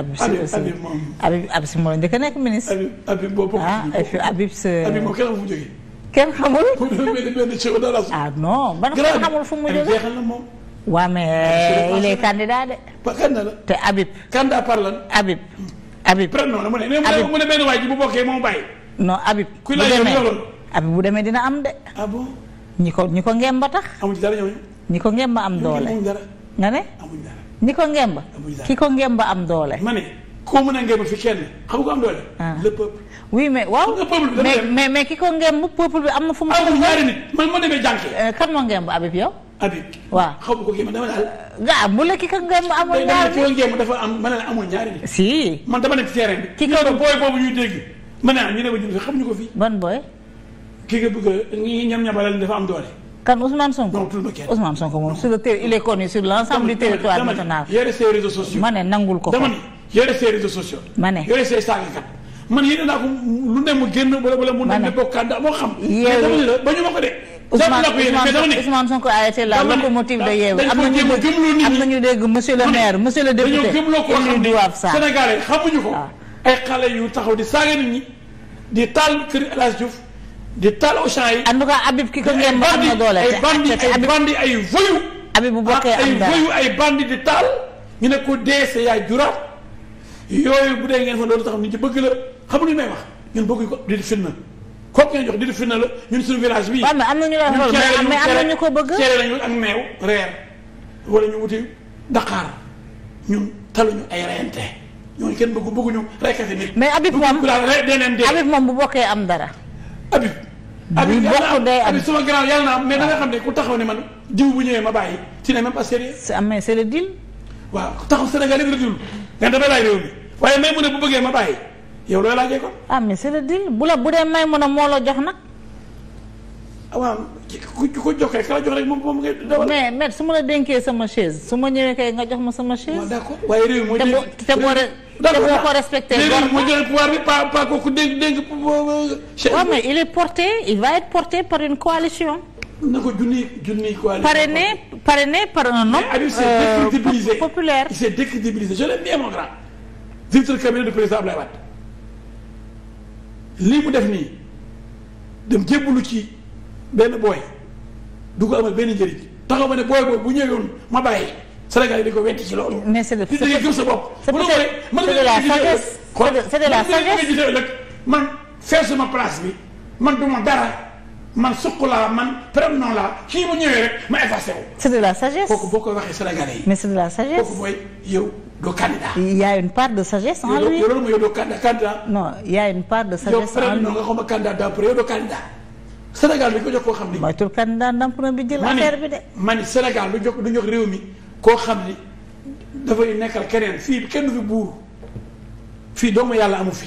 Habib Sy aussi Habib Habib Sy moo njëkk a nekk ministre. Habib boo bokkul ah et ba Habib Sy. Habib moom kenn xamul fu mu jógee. kenn xamul. ah non ban kenn xamul fu mu jógee. waa mais il est de. ba candidat la te Habib. candidat par lan. Habib. Habib mu ne benn waay ji bu bokkee moom bàyyi. non Habib. bu demee Habib bu demee dina am de. ah ñi ko ñi ko ngem ba tax. amuñ dara ñooñu. ñi ko ngem ba am doole. nga ne. amuñ dara. ni ko ngemba ki ko ngemba am doole. ma ne koo mën a ngemba fi kenn xam nga am doole. Ah. le peuple. oui mais waaw mais mais mais ki ko ngemb fu mu. amul ñaari nit man ma demee jànke. Euh, kan moo ngemb Habib yow. Habib. waaw xaw ma ko bu la ki ko ngemb amul ñaari nit ki ko ngemb dafa am ma ne la amul ñaari nit. si man dama nekk ci terrain bi. ki ko booy boobu ñuy dégg. ma ne ñu ne ma ñu xam ñu ko fii. ban booy. ki nga bëgg a ñam ñabalal dafa am doole. kan Ousmane Sonko Ousmane moom sur le terrain il est connu sur l'ensemble du territoire national. yore ses nangul ko. dama ne yore ko lu ne ba ñu ma ko de. Ousmane Ousmane Ousmane Sonko a la locomotive de Yewwi am nañu dégg dégg monsieur le maire monsieur le député ils lui xamuñu ko ah. ay xale yu taxaw di saaga nit ñi di taal kër El Hadj di taal Auchan yi. en tout ki ko ngeen ba am na doole te ay bandi ay voyu. Habib bu bokkee am dara ay voyu ay bandi di taal. ñu ne ko dee sa yaay juraat yooyu bu dee ngeen fa loolu tax nit ci bëgg la xam lu may wax ñun bëgguñ ko di fitna kooku ngeen jox di fitna la ñun suñu village bii. waaw mais am na ñu la xool mais am na ñu ko bëgg. cere lañu ak meew reer wala ñu wuti Dakar ñu taluñu ay reyante ñooñu kenn bëggu bëgguñu rekk fi nit. mais Habib moom Habib bu bokkee am dara. abi abi sama grand yàlla na am mais da nga xam ne ku taxaw ne man jiw bu ñëwee ma bàyyi ci ne même pas sérieux ah, mais c'est le deal waaw taxaw Sénégal yëpp la dul nga damay réew mi waaye may mu ne bu bëggee ma bàyyi yow looy laajee ko ah mais c'est bu la bu dee may mu ne moo la jox nag ah, waaw ku ko jox kay ka jox rek moom moom ngay dawal mais mais su ma la dénkee sama chaise su ma ñëwee kay nga jox ma sama chaise waaw d'accord waaye réew mi moo te boo dafa ko respecté mu jël pouvoir bi euh, par une coalition. na ko junniy junniy coalition. parrainé parrainé par un homme. mais euh, populaire il s'est décrédibilisé je l'aime bien def nii dem jébbalu ci benn booy du ko amal benn njëriñ taxaw ma ne booy boobu bu ñëwee woon ma bàyyi. Sénégal yi dañ ko ci loolu. mais c'est de c'est de la sagesse c'est de la sagesse place bi man du ma dara man suq laa man prénom laa kii bu ñëwee rek ma effacé c'est de la sagesse kooku boo ko waxee Sénégalais yi. mais c'est de la sagesse kooku mooy yow doo candidat. il y a une part de sagesse en lui. yow doo candidat candidat. non il y a une part de sagesse en lui yow prénom nga xam ne candidat d'après yow doo candidat. ko jox koo xam ni. de. ma Sénégal du jox du jox réew koo xam ni dafay nekkal keneen fii kenn du fi buur fii doomu yàlla amu fi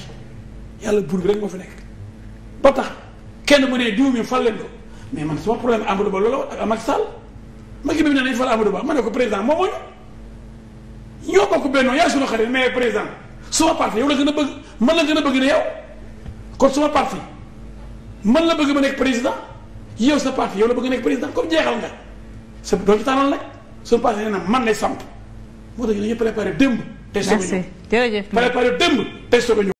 yàlla buur bi rek moo fi nekk ba tax kenn bu ne diw mi fal leen ko mais man sama problème Amadou Ba loolu ak Macky Sall Macky bi ne ma ne ko président moom moo ñu ñoo ko bennoo yaay sunu xarit mais président suma parti yow la gën a bëgg man la gën a bëgg ne yow kon suma parti man la bëgg ma nekk président yow sa parti yow la bëgg nekk président comme jeexal nga sa doon ci tànnal suñu passé nee na man lay samp moo tax ñu ne ñu préparé démb. tey soog a ñëw merci jërëjëf préparé démb tey soog a